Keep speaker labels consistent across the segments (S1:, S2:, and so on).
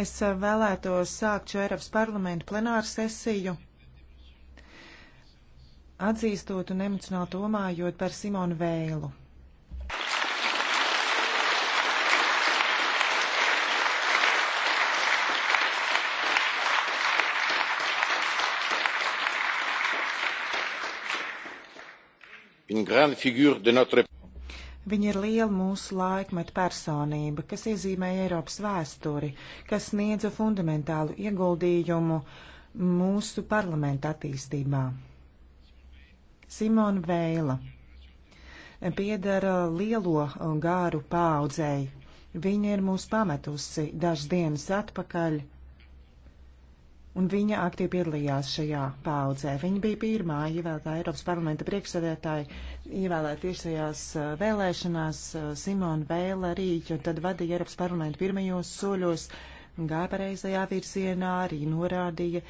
S1: Es eh, vēlētos sākt šo Eiropas parlamentu plenāru sesiju, atzīstot un emocionāli domājot par Simonu Vēlu. Une grande figure de notre Viņa ir liela mūsu laikmeta personība, kas iezīmēja Eiropas vēsturi, kas sniedza fundamentālu ieguldījumu mūsu parlamenta attīstībā. Simona Veila piedara lielo gāru paudzei. Viņa ir mūs pametusi dažas dienas atpakaļ un viņa aktīvi piedalījās šajā paudzē. Viņa bija pirmā ievēlētā Eiropas parlamenta priekšsēdētāja, ievēlēta tiešajās uh, vēlēšanās uh, Simona Vēla Rīķa, un tad vadīja Eiropas parlamentu pirmajos soļos, gāja pareizajā virzienā, arī norādīja,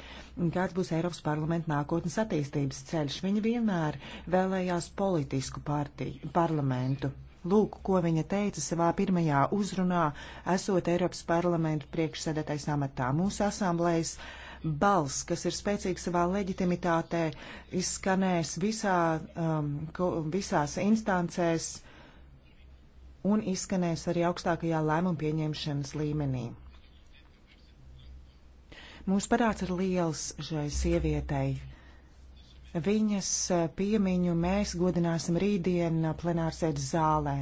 S1: kāds būs Eiropas parlamenta nākotnes attīstības ceļš. Viņa vienmēr vēlējās politisku partiju, parlamentu. Lūk, ko viņa teica savā pirmajā uzrunā, esot Eiropas parlamentu priekšsēdētājs amatā. Mūsu asamblējas uh, balss, kas ir spēcīgs savā leģitimitātē, izskanēs visā, um, visās instancēs un izskanēs arī augstākajā lēmumu pieņemšanas līmenī. Mūsu parāds ir liels šai sievietei. Viņas uh, piemiņu mēs godināsim rītdien uh, plenārsēdes zālē.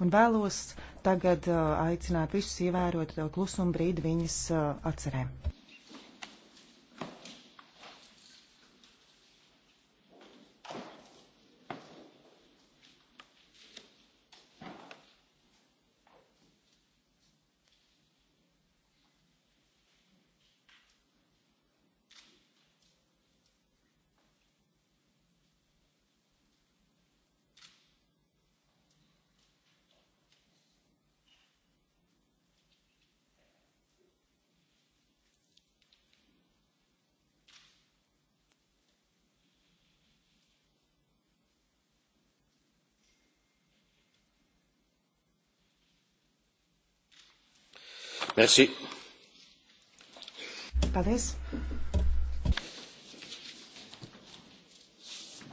S1: Un vēlos tagad uh, aicināt visus ievērot to klusumu brīdi viņas atcerē. Merci. Paldies.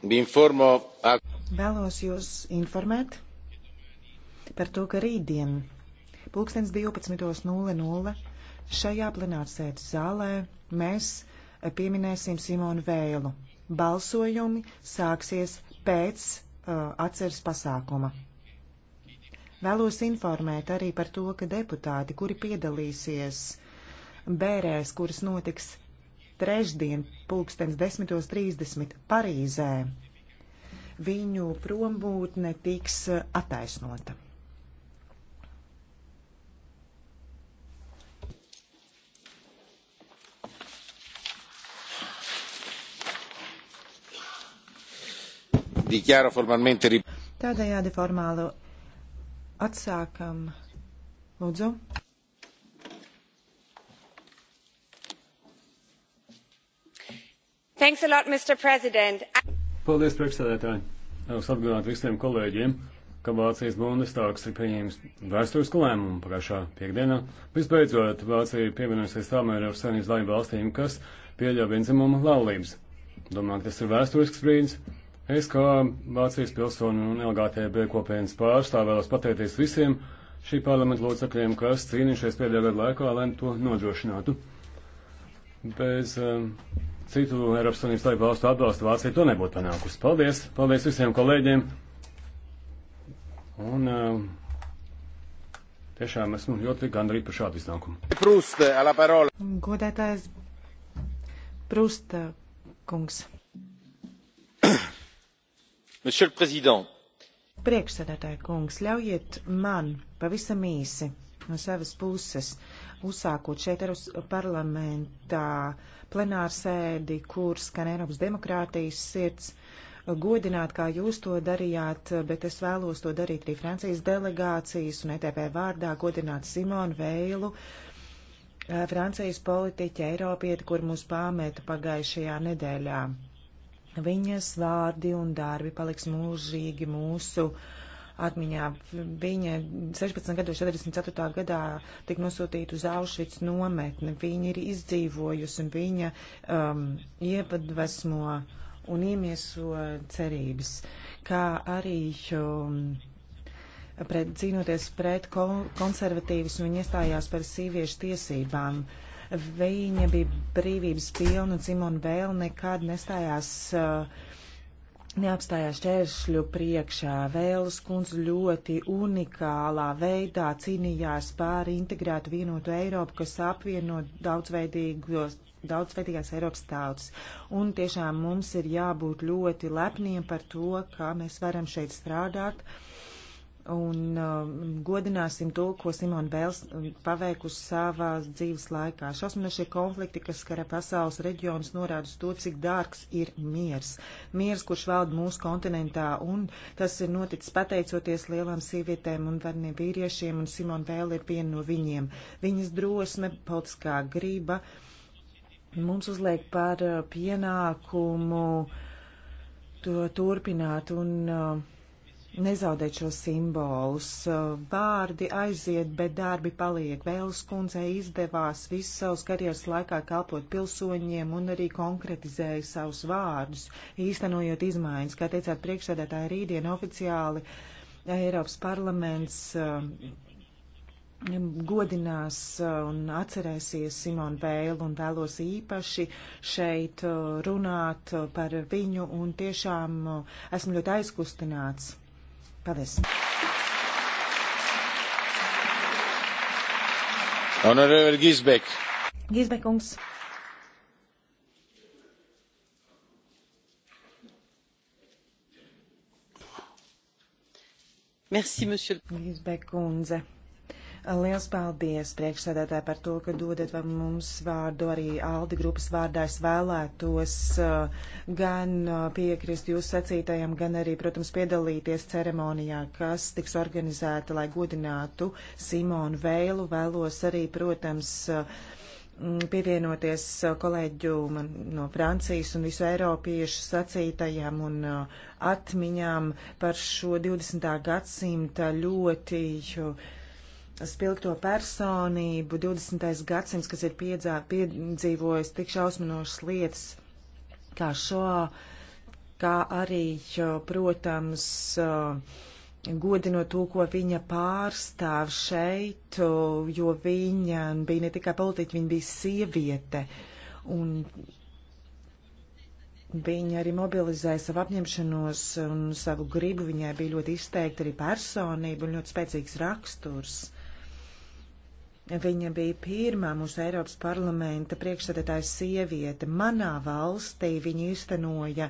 S1: Vēlos jūs informēt par to, ka rītdien, pulkstens 12.00, šajā plenārsēdes zālē mēs pieminēsim Simonu Vēlu. Balsojumi sāksies pēc uh, atceres pasākuma. Vēlos informēt arī par to, ka deputāti, kuri piedalīsies bērēs, kuras notiks trešdien, pulkstens 10.30 Parīzē, viņu prombūtne tiks eh, attaisnota. Tādējādi formālu Atsākam. Lūdzu. Thanks a lot, Mr. President. Paldies, priekšsēdētāji. Vēlos atgādināt visiem kolēģiem, ka Vācijas Bundestāgs ir pieņēmis vēsturisku lēmumu pagājušā piekdienā. Visbeidzot, Vācija ir pievienojusies tām Eiropas Savienības dalību valstīm, kas pieļauj vienzimumu laulības. Domāju, ka tas ir vēsturisks brīdis, Es kā Vācijas pilsonu un LGTB kopienas pārstāv vēlos pateikties visiem šī parlamenta locekļiem, kas cīnījušies pēdējā gada laikā, lai to nodrošinātu. Bez um, citu Eiropas Savienības laiku valstu atbalstu Vācija to nebūtu panākusi. Paldies! Paldies visiem kolēģiem! Un um, tiešām esmu ļoti gandrīz par šādu iznākumu. Prūst, Godētājs Prūsta kungs. Monsieur le Président. Priekšsēdētāja kungs, ļaujiet man pavisam īsi no savas puses, uzsākot šeit ar uz parlamentā plenārsēdi, kur skan Eiropas demokrātijas sirds, godināt, kā jūs to darījāt, bet es vēlos to darīt arī Francijas delegācijas un ETP vārdā, godināt Simonu Veilu, Francijas politiķa Eiropieti, kur mūs pāmēta pagājušajā nedēļā. Viņas vārdi un darbi paliks mūžīgi mūsu atmiņā. Viņa 16. gadu 44. gadā tika nosūtīta uz Auschwitz nometni. Viņa ir izdzīvojusi un viņa um, iepadvesmo un iemieso cerības, kā arī um, pret, cīnoties pret konservatīvis un iestājās par sīviešu tiesībām. Uh, Viņa bija brīvības pilna un Simona vēl nekad nestājās. Neapstājās čēršļu priekšā. Vēlas kundze ļoti unikālā veidā cīnījās pār integrētu vienotu Eiropu, kas apvieno daudzveidīgos daudzveidīgās Eiropas tautas. Un tiešām mums ir jābūt ļoti lepniem par to, kā mēs varam šeit strādāt. Uh, un uh, godināsim to, ko Simona Bēls um, paveikusi savā dzīves laikā. Šausminošie konflikti, kas skara pasaules reģionus, norāda to, cik dārgs ir miers. Miers, kurš valda mūsu kontinentā, un tas ir noticis pateicoties lielām sievietēm un varniem vīriešiem, un Simona Bēla ir viena no viņiem. Viņas drosme, politiskā grība mums uzliek par uh, pienākumu to turpināt un uh, nezaudēt šo simbolus. Vārdi aiziet, bet darbi paliek. Vēlas kundzei izdevās visu savus karjeras laikā kalpot pilsoņiem un arī konkretizēja savus vārdus, īstenojot izmaiņas. Kā teicāt priekšsēdētāji, rītdien oficiāli Eiropas parlaments um, godinās uh, un atcerēsies Simonu Vēlu un vēlos īpaši šeit uh, runāt uh, par viņu un tiešām esmu ļoti aizkustināts Paldies! Honorable Gisbek. Gisbekungs. Merci, monsieur. Gisbekundze. Liels paldies priekšsēdētāji par to, ka dodat mums vārdu arī Aldi grupas vārdā. Es vēlētos uh, gan uh, piekrist jūsu sacītajam, gan arī, protams, piedalīties ceremonijā, kas tiks organizēta, lai godinātu Simonu Veilu. Vēlos arī, protams, uh, pievienoties kolēģu no Francijas un visu Eiropiešu sacītajām un atmiņām par šo 20. gadsimta ļoti spilgto personību, 20. gadsimts, kas ir piedzā, piedzīvojis tik šausminošas lietas kā šo, kā arī, protams, uh, godinot to, ko viņa pārstāv šeit, uh, jo viņa bija ne tikai politiķa, viņa bija sieviete. Un Viņa arī mobilizēja savu apņemšanos un savu gribu. Viņai bija ļoti izteikta arī personība un ļoti spēcīgs raksturs. Viņa bija pirmā mūsu Eiropas parlamenta priekšsēdētāja sieviete. Manā valstī viņa iztenoja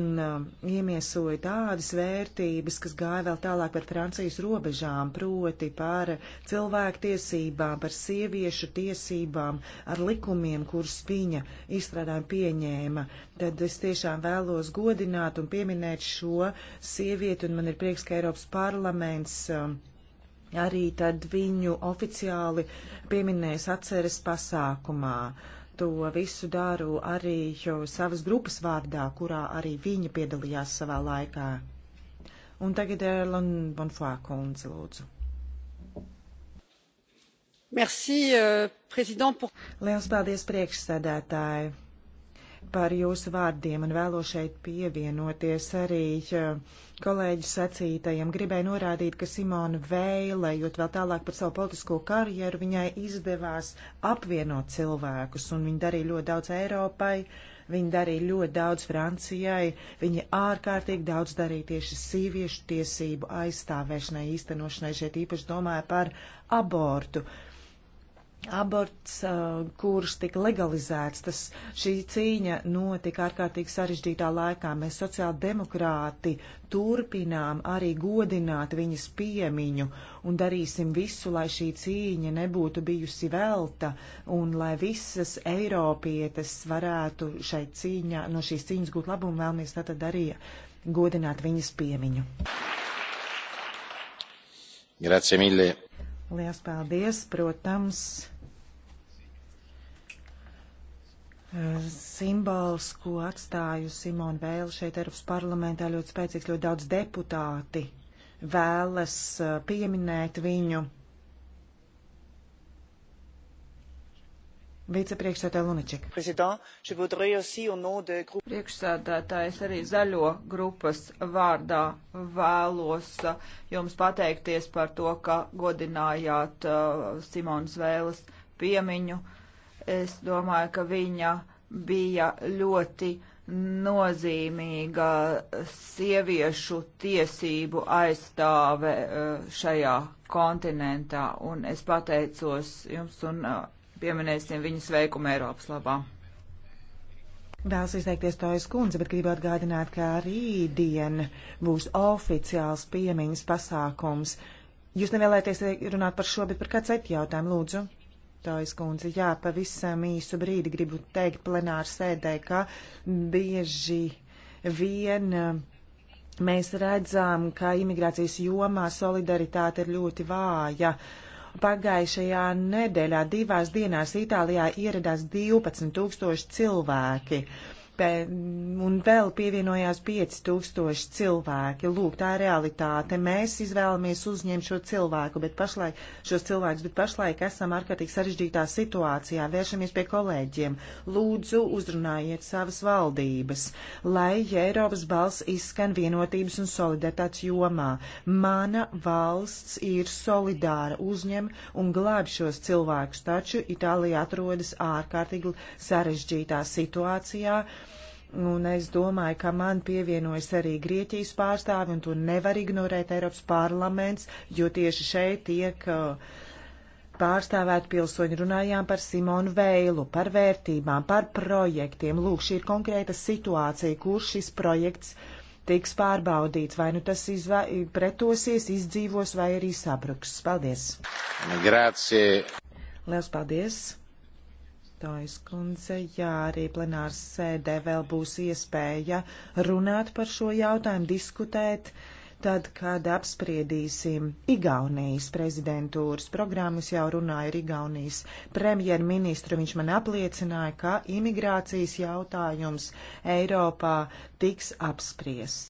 S1: un uh, iemiesoja tādas vērtības, kas gāja vēl tālāk par Francijas robežām, proti par cilvēktiesībām, par sieviešu tiesībām, ar likumiem, kurus viņa izstrādājuma pieņēma. Tad es tiešām vēlos godināt un pieminēt šo sievieti, un man ir prieks, ka Eiropas parlaments. Uh, arī tad viņu oficiāli pieminēs atceres pasākumā. To visu daru arī savas grupas vārdā, kurā arī viņa piedalījās savā laikā. Un tagad Erlan Bonfā kundze, lūdzu. Merci, uh, prezident, pour... Liels paldies priekšsēdētāji! par jūsu vārdiem un vēlos šeit pievienoties arī kolēģi sacītajam. Gribēju norādīt, ka Simona Veile, jūt vēl tālāk par savu politisko karjeru, viņai izdevās apvienot cilvēkus un viņa darīja ļoti daudz Eiropai. Viņa darīja ļoti daudz Francijai, viņa ārkārtīgi daudz darīja tieši sieviešu tiesību aizstāvēšanai, īstenošanai. Šeit īpaši domāja par abortu. Uh, aborts, uh, kurš tika legalizēts, tas šī cīņa notika ārkārtīgi sarežģītā laikā. Mēs sociāldemokrāti turpinām arī godināt viņas piemiņu un darīsim visu, lai šī cīņa nebūtu bijusi velta un lai visas Eiropietes varētu šai cīņā, no šīs cīņas gūt labumu vēlamies tātad arī godināt viņas piemiņu. Grazie mille. Lielas paldies, protams. Eh, simbols, ko atstāju Simona Vēle šeit Eiropas parlamentā, ļoti spēcīgs, ļoti daudz deputāti vēlas eh, pieminēt viņu. Vicepriekšsēdētāja Lunaček. Priekšsēdētājs arī zaļo grupas vārdā vēlos uh, jums pateikties par to, ka godinājāt uh, Simonas Vēles piemiņu. Es domāju, ka viņa bija ļoti nozīmīga sieviešu tiesību aizstāve uh, šajā kontinentā, un es pateicos jums un uh, pieminēsim viņas veikumu Eiropas labā. Vēlas izteikties Tojas kundze, bet gribu atgādināt, ka rītdien būs oficiāls piemiņas pasākums. Jūs nevēlēties runāt par šo, bet par kādu citu jautājumu, lūdzu. Tojas kundze, jā, pavisam īsu brīdi gribu teikt plenāru sēdē, ka bieži vien eh, mēs redzam, ka imigrācijas jomā solidaritāte ir ļoti vāja. Uh, Pagājušajā nedēļā divās dienās Itālijā ieradās 12 tūkstoši cilvēki. Uh, un vēl pievienojās 5000 cilvēki. Lūk, tā ir realitāte. Mēs izvēlamies uzņemt šo cilvēku, bet pašlaik, šos cilvēkus, bet pašlaik esam ārkārtīgi sarežģītā situācijā. Vēršamies pie kolēģiem. Lūdzu, uzrunājiet savas valdības, lai Eiropas balss izskan vienotības un solidaritātes jomā. Mana valsts ir solidāra, uzņem un glāb šos cilvēkus, taču Itālija atrodas ārkārtīgi sarežģītā situācijā. Uh, Un es domāju, ka man pievienojas arī Grieķijas pārstāvi, un to nevar ignorēt Eiropas parlaments, jo tieši šeit tiek uh, pārstāvēt pilsoņi. Runājām par Simonu Veilu, par vērtībām, par projektiem. Lūk, šī ir konkrēta situācija, kur šis projekts tiks pārbaudīts. Vai nu tas izvā, pretosies, izdzīvos vai arī sabruks. Paldies! Grācie! Liels paldies! Tojas kundze, jā, arī plenārs sēdē vēl būs iespēja runāt par šo jautājumu, diskutēt, tad, kad apspriedīsim Igaunijas prezidentūras programmas, jau runāju ar Igaunijas premjerministru, viņš man apliecināja, ka imigrācijas jautājums Eiropā tiks apspriests.